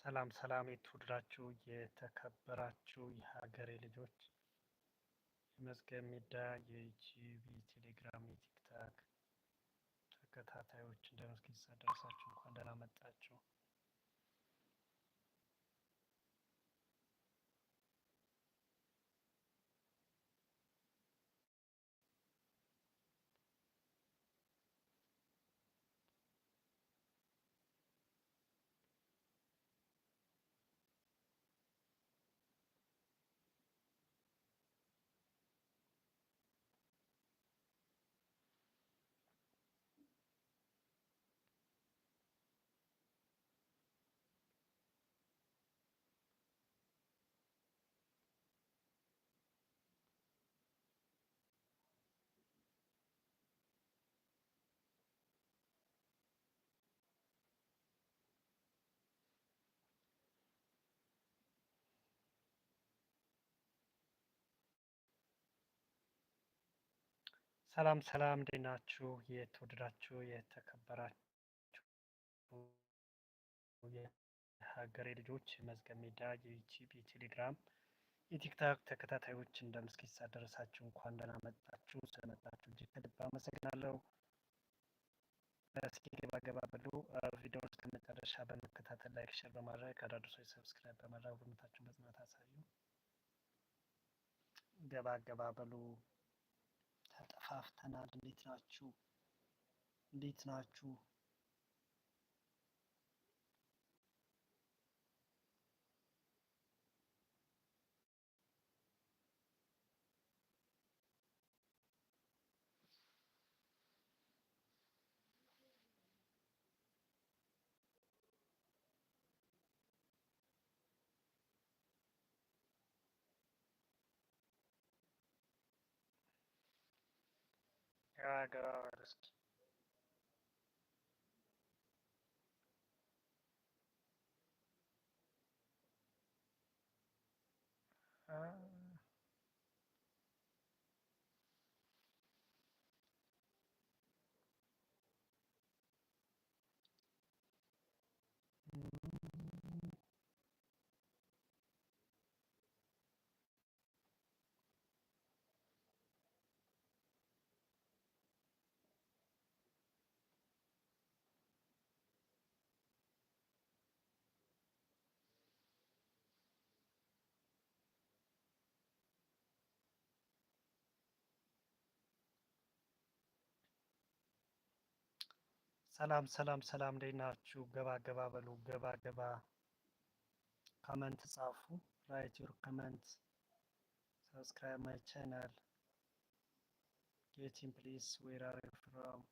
ሰላም ሰላም የተወደዳችሁ የተከበራችሁ የሀገሬ ልጆች የመዝገብ ሚዲያ የዩቲዩብ የቴሌግራም የቲክታክ ተከታታዮች እንደምን ደረሳችሁ? እንኳን ደህና መጣችሁ። ሰላም ሰላም እንዴት ናችሁ? የተወደዳችሁ የተከበራችሁ የሀገሬ ልጆች መዝገብ ሜዳ የዩቲዩብ፣ የቴሌግራም፣ የቲክታክ ተከታታዮች እንደምን እስኪ እንኳን ደህና መጣችሁ። ስለመጣችሁ እጅግ ከልብ አመሰግናለሁ። እስኪ ገባ ገባ ብሉ። ቪዲዮ እስከ መጨረሻ በመከታተል ላይክ፣ ሼር በማድረግ አዳዲሶች ሰብስክራይብ በማድረግ ሁኔታችሁን በጽናት አሳዩ። ገባ ገባ ብሎ ተጠፋፍተናል። እንዴት ናችሁ? እንዴት ናችሁ? Yeah, I got our list. Uh, ሰላም ሰላም ሰላም፣ እንዴት ናችሁ? ገባ ገባ በሉ ገባ ገባ። ኮመንት ጻፉ፣ ራይት ዩር ኮመንት። ሰብስክራይብ ማይ ቻናል ጌቲን ፕሊዝ ዌር አር ዩ ፍሮም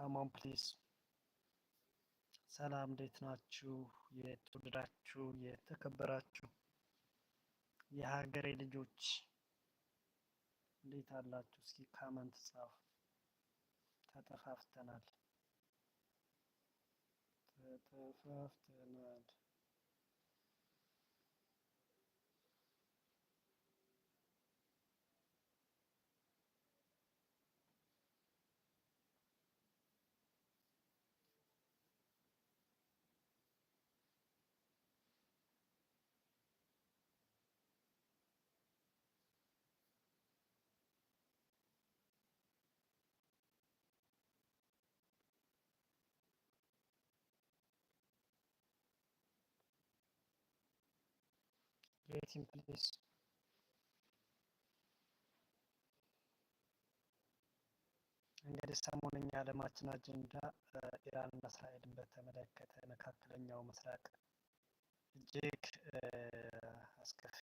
ካሞን ፕሊዝ። ሰላም እንዴት ናችሁ? የተወደዳችሁ የተከበራችሁ የሀገሬ ልጆች እንዴት አላችሁ? እስኪ ካመንት ጻፉ። ተጠፋፍተናል ተጠፋፍተናል create in place. እንግዲህ ሰሞነኛ ዓለማችን አጀንዳ ኢራንና እስራኤልን በተመለከተ መካከለኛው ምስራቅ እጅግ አስከፊ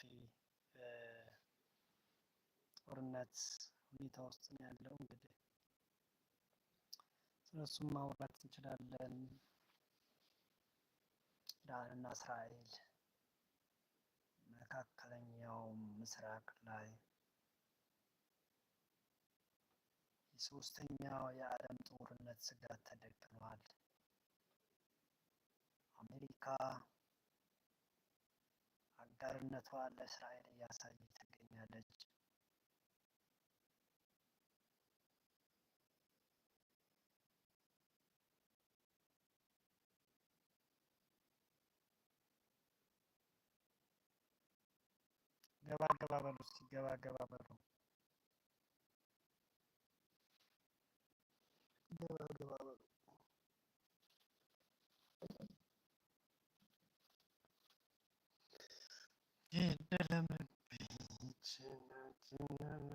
ጦርነት ሁኔታ ውስጥ ነው ያለው። እንግዲህ ስለሱም ማውራት እንችላለን። ኢራንና እስራኤል መካከለኛው ምስራቅ ላይ የሶስተኛው የዓለም ጦርነት ስጋት ተደቅኗል። አሜሪካ አጋርነቷን ለእስራኤል እያሳየች ትገኛለች። ገባ ገባ በሉ እስኪ ገባ ገባ በሉ ገባ ገባ በሉ የደለመብኝ ጭናጭና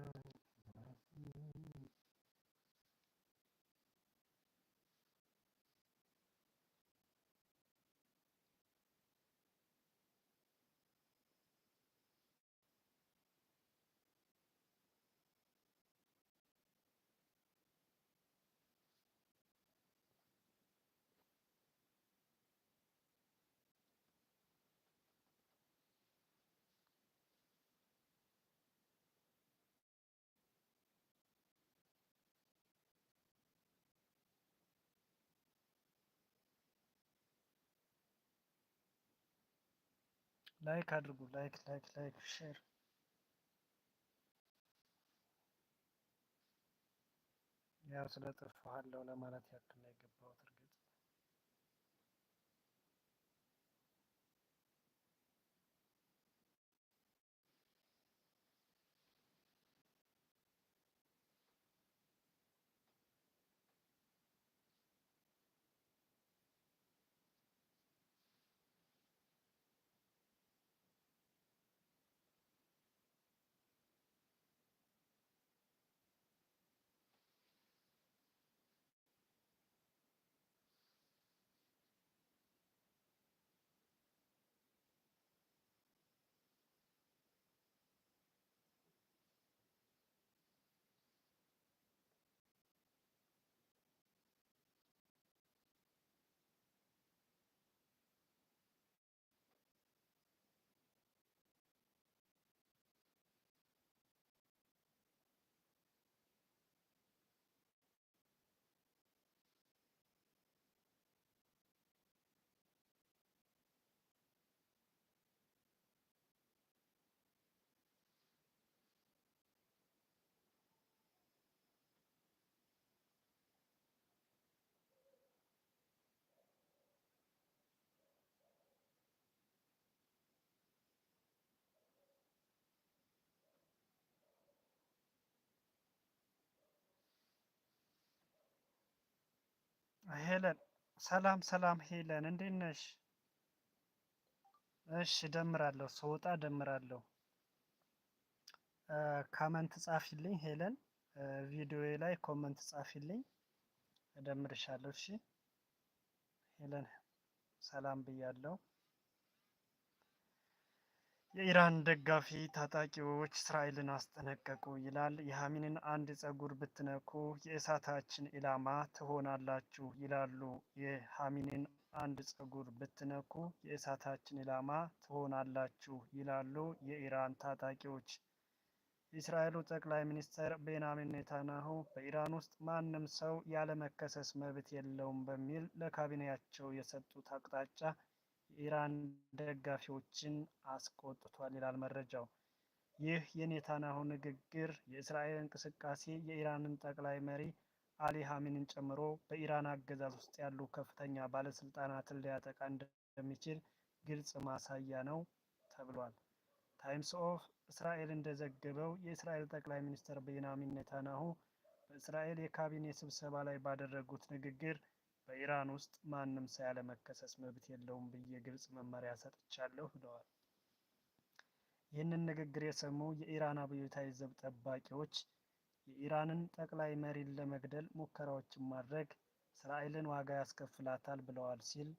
ላይክ አድርጉ። ላይክ ላይክ ላይክ ሼር ያው ስለጠፋለሁ ለማለት ያክል ነው የገባሁት እርግጥ ሄለን ሰላም ሰላም ሄለን እንዴት ነሽ? እሺ ደምራለሁ ስወጣ ደምራለሁ ኮመንት ጻፊልኝ ሄለን፣ ቪዲዮዬ ላይ ኮመንት ጻፊልኝ፣ እደምርሻለሁ። እሺ ሄለን ሰላም ብያለሁ። የኢራን ደጋፊ ታጣቂዎች እስራኤልን አስጠነቀቁ ይላል። የሐሚንን አንድ ጸጉር ብትነኩ የእሳታችን ኢላማ ትሆናላችሁ ይላሉ። የሐሚንን አንድ ጸጉር ብትነኩ የእሳታችን ኢላማ ትሆናላችሁ ይላሉ የኢራን ታጣቂዎች። የእስራኤሉ ጠቅላይ ሚኒስትር ቤንያሚን ኔታንያሁ በኢራን ውስጥ ማንም ሰው ያለመከሰስ መብት የለውም በሚል ለካቢኔያቸው የሰጡት አቅጣጫ ኢራን ደጋፊዎችን አስቆጥቷል ይላል መረጃው። ይህ የኔታንያሁ ንግግር የእስራኤል እንቅስቃሴ የኢራንን ጠቅላይ መሪ አሊ ሀሚንን ጨምሮ በኢራን አገዛዝ ውስጥ ያሉ ከፍተኛ ባለስልጣናትን ሊያጠቃ እንደሚችል ግልጽ ማሳያ ነው ተብሏል። ታይምስ ኦፍ እስራኤል እንደዘገበው የእስራኤል ጠቅላይ ሚኒስትር ቤንያሚን ኔታንያሁ በእስራኤል የካቢኔ ስብሰባ ላይ ባደረጉት ንግግር በኢራን ውስጥ ማንም ሰው ያለመከሰስ መብት የለውም ብዬ ግልጽ መመሪያ ሰጥቻለሁ ብለዋል። ይህንን ንግግር የሰሙ የኢራን አብዮታዊ ዘብ ጠባቂዎች የኢራንን ጠቅላይ መሪን ለመግደል ሙከራዎችን ማድረግ እስራኤልን ዋጋ ያስከፍላታል ብለዋል ሲል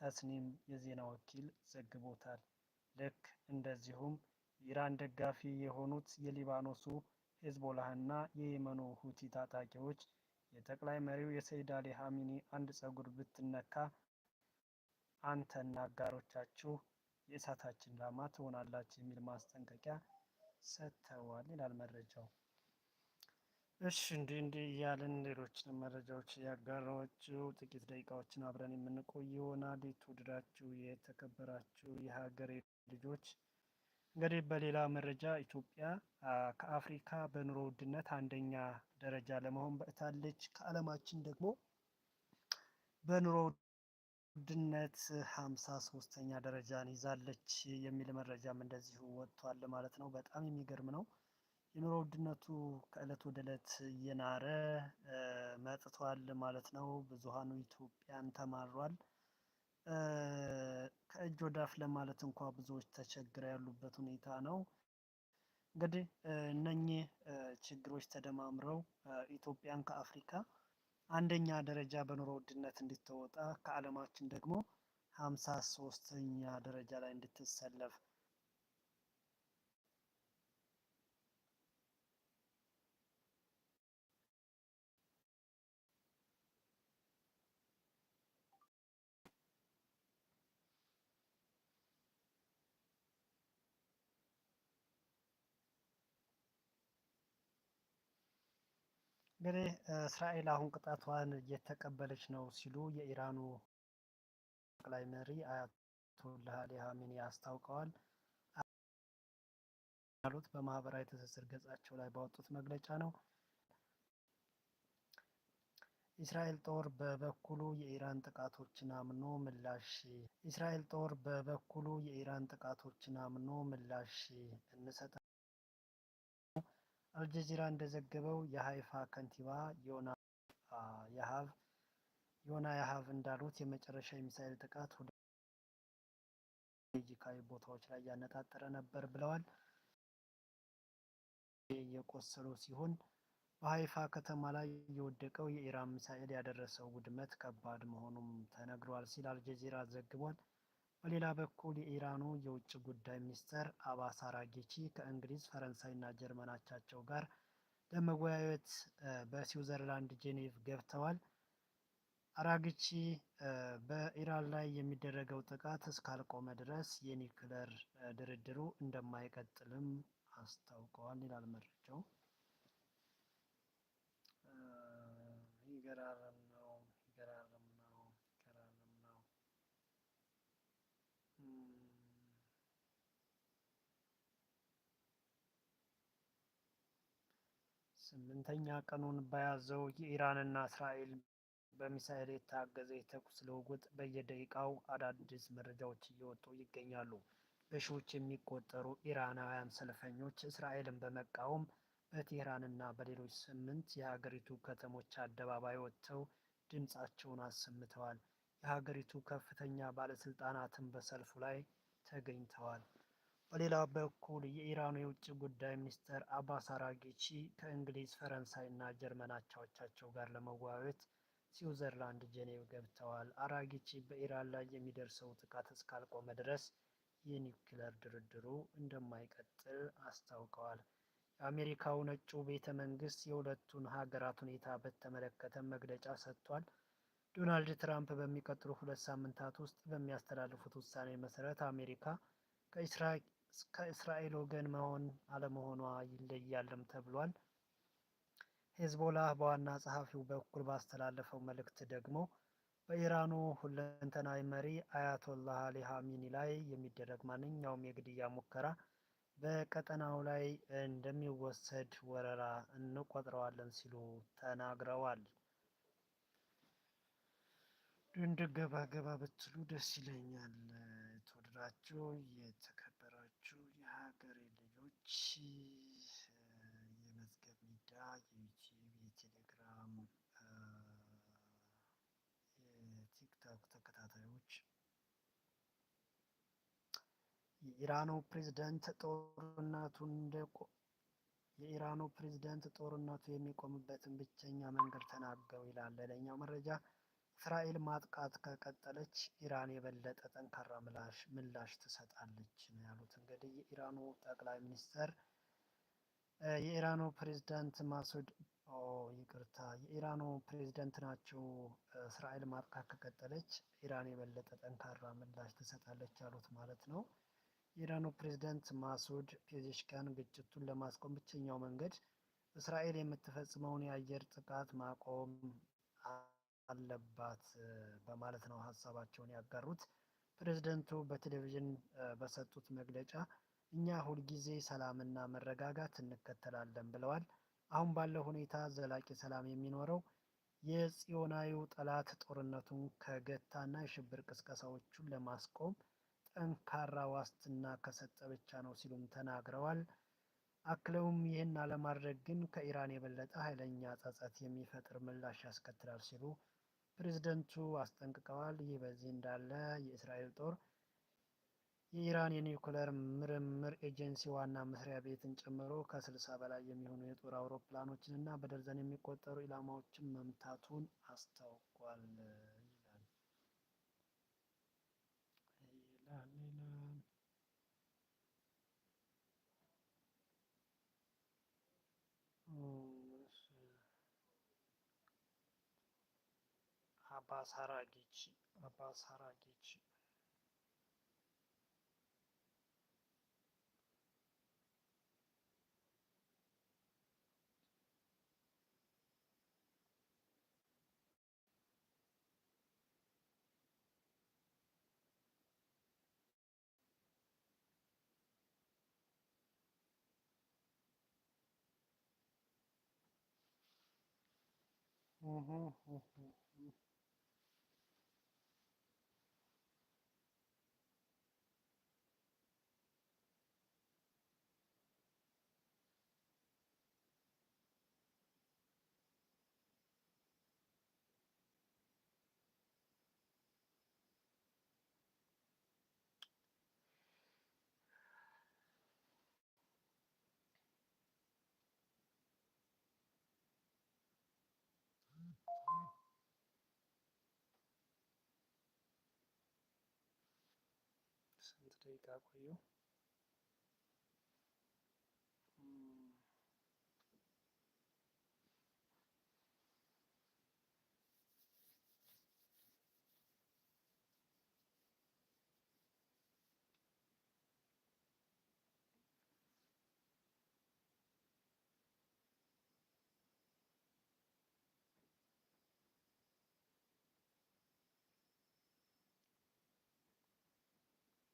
ተስኒም የዜና ወኪል ዘግቦታል። ልክ እንደዚሁም የኢራን ደጋፊ የሆኑት የሊባኖሱ ሄዝቦላህና የየመኑ ሁቲ ታጣቂዎች የጠቅላይ መሪው የሰይድ አሊ ሀሚኒ አንድ ጸጉር ብትነካ አንተና አጋሮቻችሁ የእሳታችን ላማ ትሆናላችሁ የሚል ማስጠንቀቂያ ሰጥተዋል ይላል መረጃው። እሺ እንዲህ እንዲህ እያልን ሌሎችንም መረጃዎች ያጋራችሁ ጥቂት ደቂቃዎችን አብረን የምንቆይ ይሆናል። የተወደዳችሁ የተከበራችሁ የሀገሬ ልጆች እንግዲህ በሌላ መረጃ ኢትዮጵያ ከአፍሪካ በኑሮ ውድነት አንደኛ ደረጃ ለመሆን በቅታለች። ከዓለማችን ደግሞ በኑሮ ውድነት ሀምሳ ሶስተኛ ደረጃን ይዛለች የሚል መረጃም እንደዚሁ ወጥቷል ማለት ነው። በጣም የሚገርም ነው። የኑሮ ውድነቱ ከእለት ወደ እለት እየናረ መጥቷል ማለት ነው። ብዙሃኑ ኢትዮጵያን ተማሯል። ከእጅ ወዳፍ ለማለት እንኳ ብዙዎች ተቸግረው ያሉበት ሁኔታ ነው። እንግዲህ እነኚህ ችግሮች ተደማምረው ኢትዮጵያን ከአፍሪካ አንደኛ ደረጃ በኑሮ ውድነት እንድትወጣ ከዓለማችን ደግሞ ሀምሳ ሶስተኛ ደረጃ ላይ እንድትሰለፍ እንግዲህ እስራኤል አሁን ቅጣቷን እየተቀበለች ነው ሲሉ የኢራኑ ጠቅላይ መሪ አያቶላህ አሊ ሀሚኒ አስታውቀዋል ያሉት በማህበራዊ ትስስር ገጻቸው ላይ ባወጡት መግለጫ ነው። እስራኤል ጦር በበኩሉ የኢራን ጥቃቶችን አምኖ ምላሽ እስራኤል ጦር በበኩሉ የኢራን ጥቃቶችን አምኖ ምላሽ እንሰጣል አልጀዚራ እንደዘገበው የሀይፋ ከንቲባ ዮና የሀብ እንዳሉት የመጨረሻ የሚሳኤል ጥቃት ሁለት ስትራቴጂካዊ ቦታዎች ላይ ያነጣጠረ ነበር ብለዋል። የቆሰሉ ሲሆን በሀይፋ ከተማ ላይ የወደቀው የኢራን ሚሳኤል ያደረሰው ውድመት ከባድ መሆኑም ተነግሯል ሲል አልጀዚራ ዘግቧል። በሌላ በኩል የኢራኑ የውጭ ጉዳይ ሚኒስትር አባስ አራጊቺ ከእንግሊዝ ፈረንሳይና ጀርመን አቻቸው ጋር ለመወያየት በስዊዘርላንድ ጄኔቭ ገብተዋል። አራጊቺ በኢራን ላይ የሚደረገው ጥቃት እስካልቆመ ድረስ የኒክለር ድርድሩ እንደማይቀጥልም አስታውቀዋል ይላል መረጃው። ስምንተኛ ቀኑን በያዘው የኢራንና እስራኤል በሚሳኤል የታገዘ የተኩስ ልውውጥ በየደቂቃው አዳዲስ መረጃዎች እየወጡ ይገኛሉ። በሺዎች የሚቆጠሩ ኢራናውያን ሰልፈኞች እስራኤልን በመቃወም በቴህራንና በሌሎች ስምንት የሀገሪቱ ከተሞች አደባባይ ወጥተው ድምፃቸውን አሰምተዋል። የሀገሪቱ ከፍተኛ ባለስልጣናትም በሰልፉ ላይ ተገኝተዋል። በሌላ በኩል የኢራኑ የውጭ ጉዳይ ሚኒስትር አባስ አራጊቺ ከእንግሊዝ፣ ፈረንሳይ እና ጀርመን አቻዎቻቸው ጋር ለመወያየት ስዊዘርላንድ ጄኔቭ ገብተዋል። አራጊቺ በኢራን ላይ የሚደርሰው ጥቃት እስካልቆመ ድረስ የኒውክለር ድርድሩ እንደማይቀጥል አስታውቀዋል። የአሜሪካው ነጩ ቤተ መንግስት የሁለቱን ሀገራት ሁኔታ በተመለከተ መግለጫ ሰጥቷል። ዶናልድ ትራምፕ በሚቀጥሉ ሁለት ሳምንታት ውስጥ በሚያስተላልፉት ውሳኔ መሰረት አሜሪካ ከእስራኤል ከእስራኤል ወገን መሆን አለመሆኗ ይለያልም ተብሏል። ሄዝቦላህ በዋና ጸሐፊው በኩል ባስተላለፈው መልእክት ደግሞ በኢራኑ ሁለንተናዊ መሪ አያቶላህ አሊ ሀሚኒ ላይ የሚደረግ ማንኛውም የግድያ ሙከራ በቀጠናው ላይ እንደሚወሰድ ወረራ እንቆጥረዋለን ሲሉ ተናግረዋል። እንድገባ ገባ ብትሉ ደስ ይለኛል። ተወደዳችሁ የሀገሬ ልጆች የመዝገብ ሚዲያ የዩቲዩብ የቴሌግራም የቲክታክ ተከታታዮች የኢራኑ ፕሬዝዳንት ጦርነቱን የኢራኑ ፕሬዝዳንት ጦርነቱ የሚቆምበትን ብቸኛ መንገድ ተናገሩ ይላል። ለእኛው መረጃ እስራኤል ማጥቃት ከቀጠለች ኢራን የበለጠ ጠንካራ ምላሽ ትሰጣለች ነው ያሉት። እንግዲህ የኢራኑ ጠቅላይ ሚኒስትር የኢራኑ ፕሬዚዳንት ማሱድ ይቅርታ፣ የኢራኑ ፕሬዚደንት ናቸው። እስራኤል ማጥቃት ከቀጠለች ኢራን የበለጠ ጠንካራ ምላሽ ትሰጣለች ያሉት ማለት ነው። የኢራኑ ፕሬዚደንት ማሱድ ፔዜሽኪያን ግጭቱን ለማስቆም ብቸኛው መንገድ እስራኤል የምትፈጽመውን የአየር ጥቃት ማቆም አለባት በማለት ነው ሀሳባቸውን ያጋሩት። ፕሬዝደንቱ በቴሌቪዥን በሰጡት መግለጫ እኛ ሁልጊዜ ሰላምና መረጋጋት እንከተላለን ብለዋል። አሁን ባለው ሁኔታ ዘላቂ ሰላም የሚኖረው የጽዮናዊው ጠላት ጦርነቱን ከገታና የሽብር ቅስቀሳዎቹን ለማስቆም ጠንካራ ዋስትና ከሰጠ ብቻ ነው ሲሉም ተናግረዋል። አክለውም ይህን አለማድረግ ግን ከኢራን የበለጠ ኃይለኛ ጸጸት የሚፈጥር ምላሽ ያስከትላል ሲሉ ፕሬዝደንቱ አስጠንቅቀዋል። ይህ በዚህ እንዳለ የእስራኤል ጦር የኢራን የኒውክለር ምርምር ኤጀንሲ ዋና መስሪያ ቤትን ጨምሮ ከስልሳ በላይ የሚሆኑ የጦር አውሮፕላኖችን እና በደርዘን የሚቆጠሩ ኢላማዎችን መምታቱን አስታውቋል። rapaz Haraguchi, rapaz Haraguchi. Uhum, uhum, uhum. take up for you.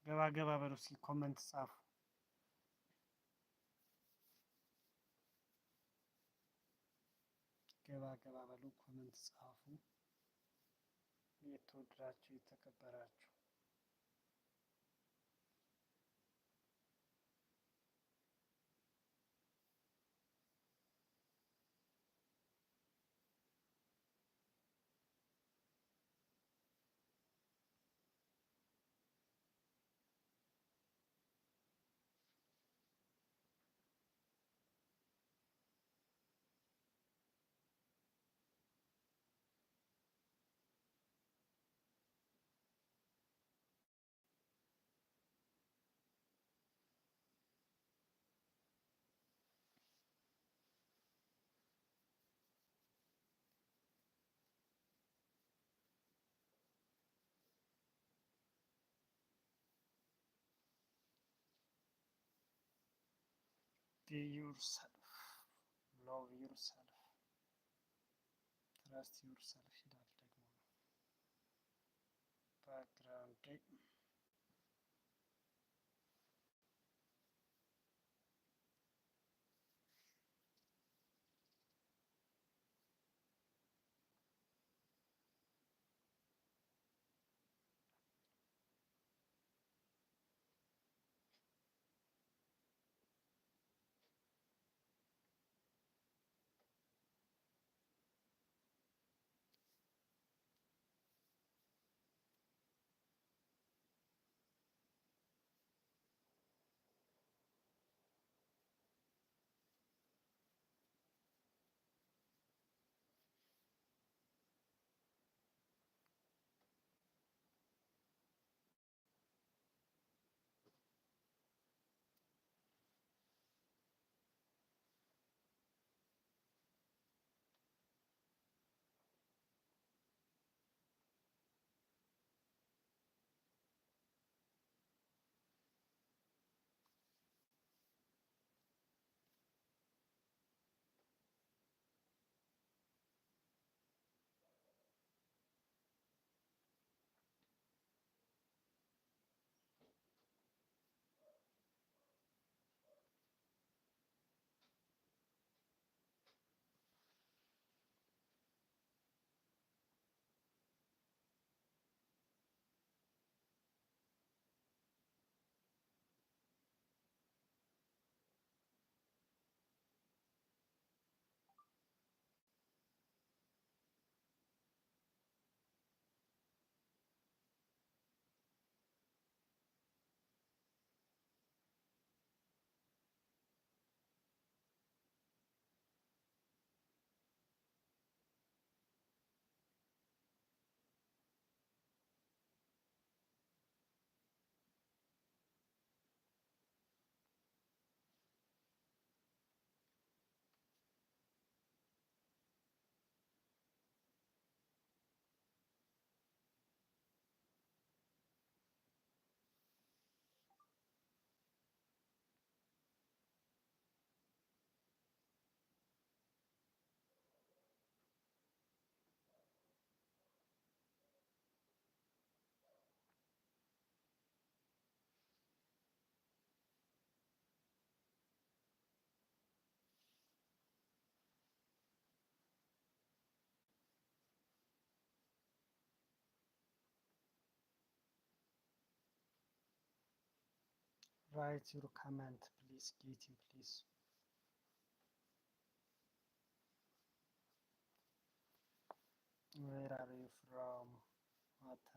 ገባ ገባ በሉ እስኪ ኮመንት ጻፉ። ገባ ገባ በሉ ኮመንት ጻፉ። የተወደዳችሁ የተከበራችሁ Be yourself. Love yourself. Trust yourself. write your comment please Katie please where are you from what